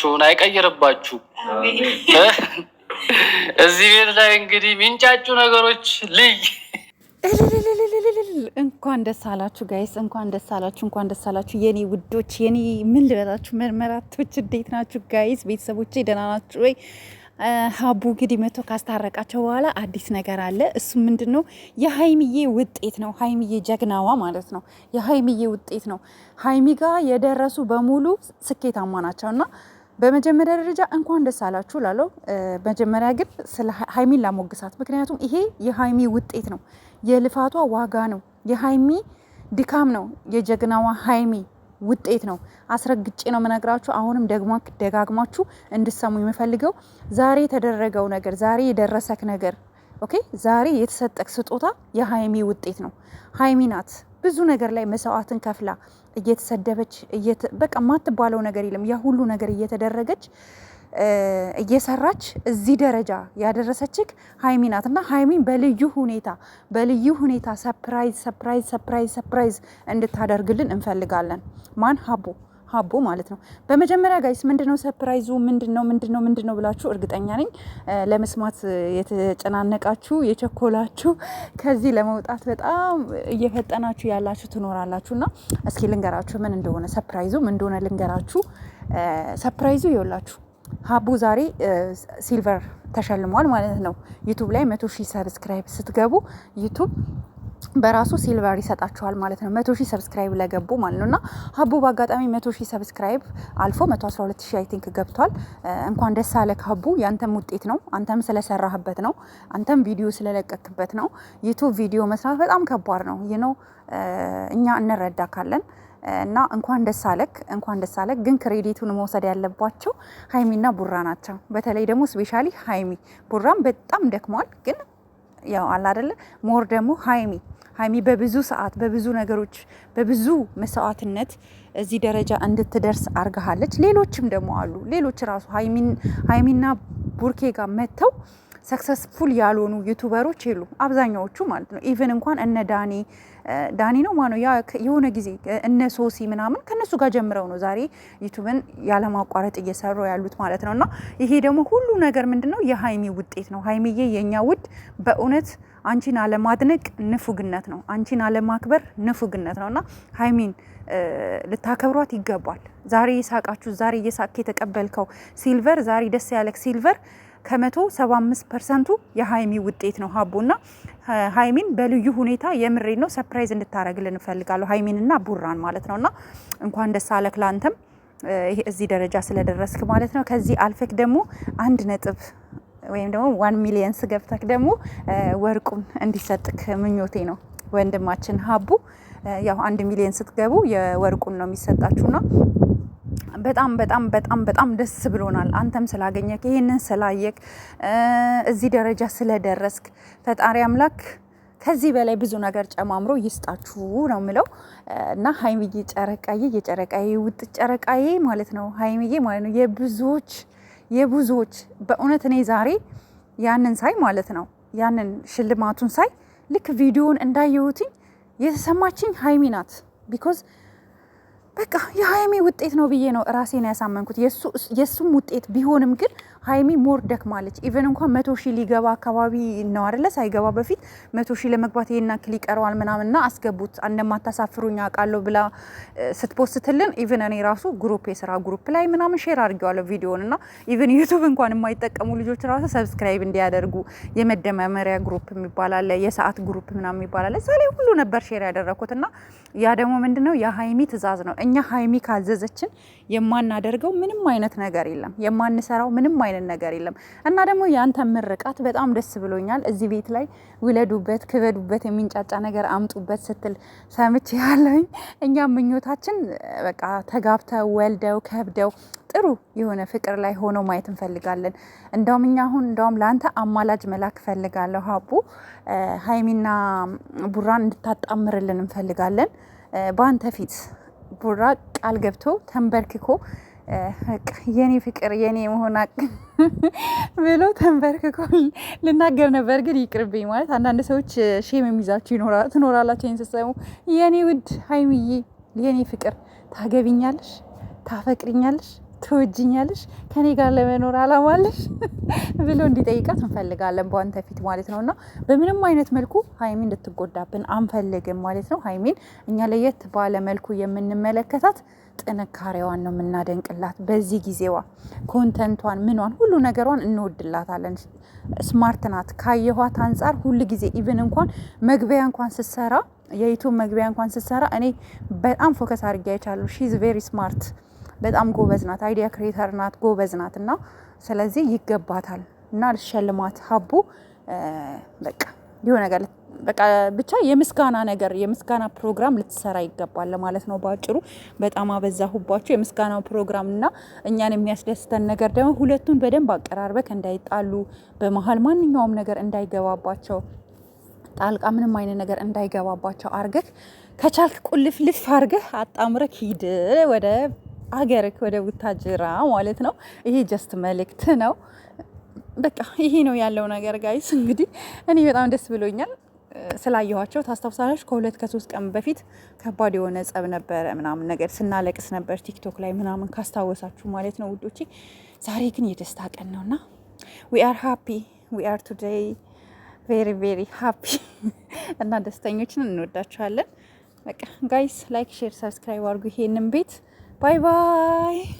ችሁን አይቀይርባችሁ። እዚህ ቤት ላይ እንግዲህ ሚንጫጩ ነገሮች ልይ እንኳን ደስ አላችሁ ጋይስ፣ እንኳን ደስ አላችሁ፣ እንኳን ደስ አላችሁ የኔ ውዶች፣ የኔ ምን ልበላችሁ መርመራቶች፣ እንዴት ናችሁ ጋይስ? ቤተሰቦቼ ደህና ናችሁ ወይ? ሀቡ እንግዲህ መቶ ካስታረቃቸው በኋላ አዲስ ነገር አለ። እሱ ምንድን ነው? የሀይሚዬ ውጤት ነው። ሀይሚዬ ጀግናዋ ማለት ነው። የሀይሚዬ ውጤት ነው። ሀይሚ ጋር የደረሱ በሙሉ ስኬታማ ናቸው እና በመጀመሪያ ደረጃ እንኳን ደስ አላችሁ ላለው። መጀመሪያ ግን ስለ ሀይሚን ላሞግሳት፣ ምክንያቱም ይሄ የሀይሚ ውጤት ነው፣ የልፋቷ ዋጋ ነው፣ የሀይሚ ድካም ነው፣ የጀግናዋ ሀይሚ ውጤት ነው። አስረግጬ ነው የምነግራችሁ። አሁንም ደግሞ ደጋግማችሁ እንድሰሙ የምፈልገው ዛሬ የተደረገው ነገር፣ ዛሬ የደረሰክ ነገር፣ ኦኬ፣ ዛሬ የተሰጠክ ስጦታ የሀይሚ ውጤት ነው። ሀይሚ ናት ብዙ ነገር ላይ መስዋዕትን ከፍላ እየተሰደበች በቃ ማትባለው ነገር የለም ያ ሁሉ ነገር እየተደረገች እየሰራች እዚህ ደረጃ ያደረሰችክ ሀይሚ ናት እና ሀይሚን በልዩ ሁኔታ በልዩ ሁኔታ ሰፕራይዝ ሰፕራይዝ ሰፕራይዝ ሰፕራይዝ እንድታደርግልን እንፈልጋለን። ማን ሀቦ ሀቦ ማለት ነው። በመጀመሪያ ጋይስ ምንድነው ሰፕራይዙ? ምንድነው ምንድነው ምንድነው ብላችሁ እርግጠኛ ነኝ ለመስማት የተጨናነቃችሁ የቸኮላችሁ፣ ከዚህ ለመውጣት በጣም እየፈጠናችሁ ያላችሁ ትኖራላችሁ እና እስኪ ልንገራችሁ ምን እንደሆነ ሰፕራይዙ ምን እንደሆነ ልንገራችሁ። ሰፕራይዙ ይኸውላችሁ ሀቡ ዛሬ ሲልቨር ተሸልሟል ማለት ነው። ዩቱብ ላይ መቶ ሺህ ሰብስክራይብ ስትገቡ ዩቱብ በራሱ ሲልቨር ይሰጣችኋል ማለት ነው። መቶ ሺህ ሰብስክራይብ ለገቡ ማለት ነው እና ሀቡ በአጋጣሚ መቶ ሺህ ሰብስክራይብ አልፎ መቶ አስራ ሁለት ሺህ አይ ቲንክ ገብቷል። እንኳን ደስ አለህ ሀቡ። ያንተም ውጤት ነው። አንተም ስለሰራህበት ነው። አንተም ቪዲዮ ስለለቀክበት ነው። ዩቱብ ቪዲዮ መስራት በጣም ከባድ ነው። ይህ ነው እኛ እንረዳካለን። እና እንኳን ደስ አለክ እንኳን ደስ አለክ። ግን ክሬዲቱን መውሰድ ያለባቸው ሀይሚና ቡራ ናቸው። በተለይ ደግሞ ስፔሻሊ ሀይሚ ቡራም በጣም ደክሟል። ግን ያው አለ አይደለ ሞር ደግሞ ሀይሚ ሀይሚ በብዙ ሰዓት በብዙ ነገሮች በብዙ መስዋዕትነት እዚህ ደረጃ እንድትደርስ አርጋሃለች። ሌሎችም ደግሞ አሉ። ሌሎች ራሱ ሀይሚና ቡርኬ ጋር መጥተው ሰክሰስፉል ያልሆኑ ዩቱበሮች የሉ አብዛኛዎቹ ማለት ነው። ኢቨን እንኳን እነ ዳኒ ዳኒ ነው ማነው ያ የሆነ ጊዜ እነ ሶሲ ምናምን ከነሱ ጋር ጀምረው ነው ዛሬ ዩቱብን ያለማቋረጥ እየሰሩ ያሉት ማለት ነው። እና ይሄ ደግሞ ሁሉ ነገር ምንድን ነው የሀይሚ ውጤት ነው። ሀይሚዬ የእኛ ውድ በእውነት አንቺን አለማድነቅ ንፉግነት ነው። አንቺን አለማክበር ንፉግነት ነው። እና ሀይሚን ልታከብሯት ይገባል። ዛሬ የሳቃችሁ ዛሬ እየሳቅ የተቀበልከው ሲልቨር ዛሬ ደስ ያለክ ሲልቨር ከመቶ 75 ፐርሰንቱ የሀይሚ ውጤት ነው። ሀቡና ሀይሚን በልዩ ሁኔታ የምሬ ነው ሰፕራይዝ እንድታደረግልን እንፈልጋለሁ። ሀይሚንና ቡራን ማለት ነውና እንኳን ደስ አለክ ላንተም እዚህ ደረጃ ስለደረስክ ማለት ነው። ከዚህ አልፈክ ደግሞ አንድ ነጥብ ወይም ደግሞ ዋን ሚሊየን ስገብተክ ደግሞ ወርቁን እንዲሰጥክ ምኞቴ ነው። ወንድማችን ሀቡ ያው አንድ ሚሊየን ስትገቡ የወርቁን ነው የሚሰጣችሁና በጣም በጣም በጣም በጣም ደስ ብሎናል። አንተም ስላገኘክ ይህንን ስላየክ እዚህ ደረጃ ስለደረስክ ፈጣሪ አምላክ ከዚህ በላይ ብዙ ነገር ጨማምሮ ይስጣችሁ ነው የምለው እና ሀይሚዬ ጨረቃዬ የጨረቃዬ ውጥ ጨረቃዬ ማለት ነው ሀይሚዬ ማለት ነው የብዙዎች የብዙዎች በእውነት እኔ ዛሬ ያንን ሳይ ማለት ነው ያንን ሽልማቱን ሳይ ልክ ቪዲዮን እንዳየሁትኝ የተሰማችኝ ሀይሚ ናት ቢኮዝ በቃ የሀይሜ ውጤት ነው ብዬ ነው ራሴን ያሳመንኩት። የእሱም ውጤት ቢሆንም ግን ሀይሚ ሞር ደክማለች። ኢቨን እንኳን መቶ ሺህ ሊገባ አካባቢ ነው አደለ? ሳይገባ በፊት መቶ ሺህ ለመግባት ይሄን ያክል ይቀረዋል ምናምንና አስገቡት እንደማታሳፍሩኝ አውቃለሁ ብላ ስትፖስትልን ኢቨን እኔ ራሱ ግሩፕ የስራ ግሩፕ ላይ ምናምን ሼር አድርጌዋለሁ ቪዲዮን እና ኢቨን ዩቱብ እንኳን የማይጠቀሙ ልጆች ራሱ ሰብስክራይብ እንዲያደርጉ የመደመመሪያ ግሩፕ የሚባላለ የሰዓት ግሩፕ ምናምን ይባላለ እዛ ላይ ሁሉ ነበር ሼር ያደረኩት እና ያ ደግሞ ምንድነው የሀይሚ ትእዛዝ ነው። እኛ ሀይሚ ካዘዘችን የማናደርገው ምንም አይነት ነገር የለም፣ የማንሰራው ምንም አይነት ነገር የለም። እና ደግሞ ያንተ ምርቃት በጣም ደስ ብሎኛል። እዚህ ቤት ላይ ውለዱበት፣ ክበዱበት፣ የሚንጫጫ ነገር አምጡበት ስትል ሰምቼ ያለኝ እኛ ምኞታችን በቃ ተጋብተው ወልደው ከብደው ጥሩ የሆነ ፍቅር ላይ ሆኖ ማየት እንፈልጋለን። እንደውም እኛ አሁን እንደውም ለአንተ አማላጅ መላክ ፈልጋለሁ ሀቡ ሀይሚና ቡራን እንድታጣምርልን እንፈልጋለን በአንተ ፊት ቡራ ቃል ገብቶ ተንበርክኮ የኔ ፍቅር የኔ መሆን አቅ ብሎ ተንበርክኮ ልናገር ነበር፣ ግን ይቅርብኝ። ማለት አንዳንድ ሰዎች ሼም የሚይዛችሁ ትኖራላችሁ። ይህን ስትሰሙ የኔ ውድ ሀይሚዬ የኔ ፍቅር ታገቢኛለሽ፣ ታፈቅሪኛለሽ ትወጅኛለሽ ከኔ ጋር ለመኖር አላማለሽ ብሎ እንዲጠይቃት እንፈልጋለን፣ በአንተ ፊት ማለት ነው። እና በምንም አይነት መልኩ ሀይሚን እንድትጎዳብን አንፈልግም ማለት ነው። ሀይሚን እኛ ለየት ባለ መልኩ የምንመለከታት ጥንካሬዋን ነው የምናደንቅላት። በዚህ ጊዜዋ ኮንተንቷን፣ ምኗን፣ ሁሉ ነገሯን እንወድላታለን። ስማርት ናት። ካየኋት አንጻር ሁሉ ጊዜ ኢቭን እንኳን መግቢያ እንኳን ስትሰራ የዩቱብ መግቢያ እንኳን ስትሰራ እኔ በጣም ፎከስ አድርጌ አይቻለሁ። ሺዝ ቬሪ ስማርት በጣም ጎበዝ ናት፣ አይዲያ ክሬተር ናት፣ ጎበዝ ናት እና ስለዚህ ይገባታል እና ልሸልማት ሀቡ በቃ የሆነ ነገር በቃ ብቻ የምስጋና ነገር የምስጋና ፕሮግራም ልትሰራ ይገባል ማለት ነው በአጭሩ። በጣም አበዛሁባችሁ። የምስጋና ፕሮግራም እና እኛን የሚያስደስተን ነገር ደግሞ ሁለቱን በደንብ አቀራርበክ እንዳይጣሉ፣ በመሀል ማንኛውም ነገር እንዳይገባባቸው፣ ጣልቃ ምንም አይነት ነገር እንዳይገባባቸው አርገህ ከቻልክ ቁልፍ ልፍ አርገህ አጣምረክ ሂድ ወደ አገርክ ወደ ቡታጅራ ማለት ነው። ይሄ ጀስት መልእክት ነው። በቃ ይሄ ነው ያለው ነገር ጋይስ። እንግዲህ እኔ በጣም ደስ ብሎኛል ስላየኋቸው። ታስታውሳለች ከሁለት ከሶስት ቀን በፊት ከባድ የሆነ ጸብ ነበረ ምናምን ነገር ስናለቅስ ነበር ቲክቶክ ላይ ምናምን ካስታወሳችሁ ማለት ነው ውዶቼ። ዛሬ ግን የደስታ ቀን ነውና ዊ አር ሃፒ ዊ አር ቱዴይ ቬሪ ቬሪ ሃፒ እና ደስተኞችን እንወዳችኋለን። በቃ ጋይስ ላይክ ሼር ሰብስክራይብ አድርጉ ይሄንን ቤት Bay bay.